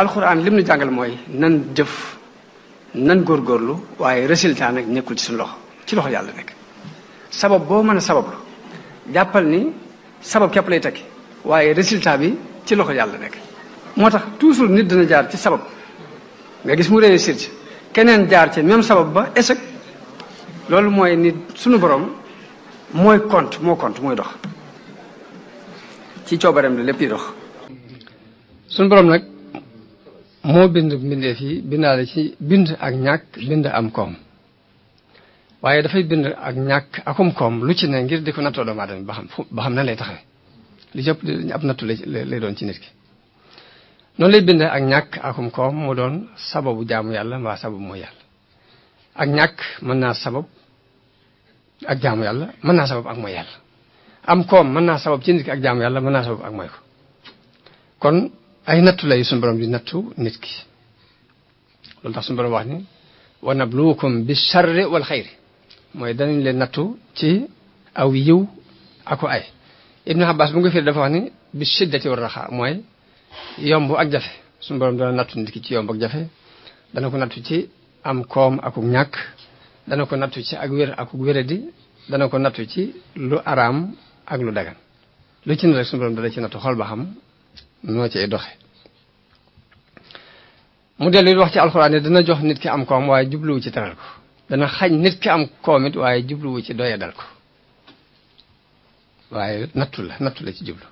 alxuraan lim nu jàngal mooy nan jëf nan góor góorlu waaye résultat nag nekkul ci suñu loxo ci loxo yàlla nekk sabab boo mën a sabab la jàppal ni sabab képp lay tekki waaye résultat bi ci loxo yàlla nekk moo tax toujours nit dina jaar ci sabab nga gis mu réussir ci keneen jaar ci même sabab ba esec loolu mooy nit suñu boroom mooy compte moo compte mooy dox ci coobareem la lépp di dox suñu borom nag moo bind mbindeef yi bindaale ci bind ak ñàkk bind am koom waaye dafay bind ak ñàkk koom lu ci ne ngir di ko nattoo doomu aadama ba xam ba xam nan lay taxawee li jëpp ab nattu doon ci nit ki noonu lay bindee ak ñàkk akum koom mu doon sababu jaamu yàlla mbaa sababu mooy yàlla ñàkk mën naa sabab ak jaamu yàlla mën naa sabab ak moy yàlla am koom mën naa sabab ci nit ki ak jaamu yàlla mën naa sabab ak mooy ko ay nattu lay suñu borom di nattu nit ki loolu tax suñu borom wax ni wa nabluukum bi charri wal xayri mooy danañ leen nattu ci aw yiw ako ay ibnu abbas bu nga firi dafa wax ni bi shiddati war raxa mooy yomb ak jafe suñu borom nattu nit ki ci yomb ak jafe dana ko nattu ci am koom akuk ñàkk dana ko nattu ci ak wér akuk wéradi dana ko nattu ci lu araam ak lu dagan lu ci ne rek suñu borom dana ci nattu xool ba noo cay doxe mu dellu it wax ci alxuraan dana jox nit ki am koom waaye jubluwu ci teral dana xañ nit ki am koom waaye jubluwu ci doye dal ko waaye nattu la nattu la ci jublu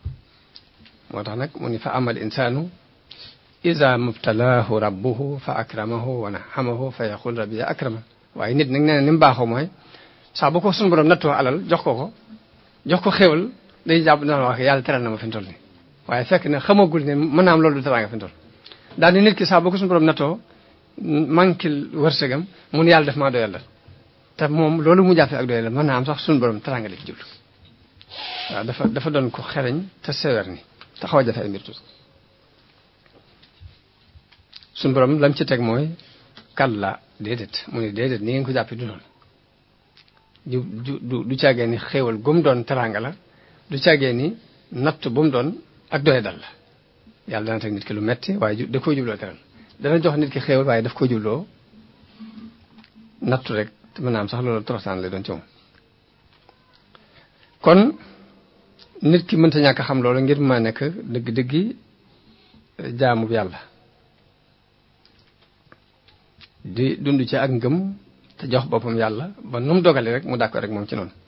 moo tax nag mu ni fa amal insaanu mu mubtalaahu rabbuhu fa akramahu wa nahamahu fa yaqul rabbi akrama waaye nit nag nee na ni mu baaxoo mooy saa bu ko sunu borom alal jox ko ko jox ko xéwal day jàpp na wax yàlla teral na ma fi mu toll waaye fekk ne xamagul ne mën naa am loolu du teraanga fi mu toll daal ni nit ki saa boo ko suñu borom natoo manquil wërsëgam mun yàlla def maa doyal la te moom loolu mu jàppee ak doyal la mën naa am sax suñu borom teraanga la ci jublu waaw dafa dafa doon ko xereñ te sewer ni te xaw a jafe ay mbir tuuti suñu borom lam ci teg mooy kàlla déedéet mu ne déedéet ni ngeen ko jàppee du loolu du du du caagee ni xéewal gum doon teraanga la du caagee ni natt bu mu doon ak doye la yàlla dana teg nit ki lu metti waaye da koy jubloo teral dana jox nit ki xéewal waaye daf koy jubloo nattu rek te mën naa am sax loolu toroxtaan lay doon ci moom kon nit ki mënta ñàkk xam loolu ngir ma nekk dëgg-dëggi eh, jaamu yàlla di dund ci ak ngëm te jox boppam yàlla ba nu mu dogalee rek mu d'accord rek moom ci noonu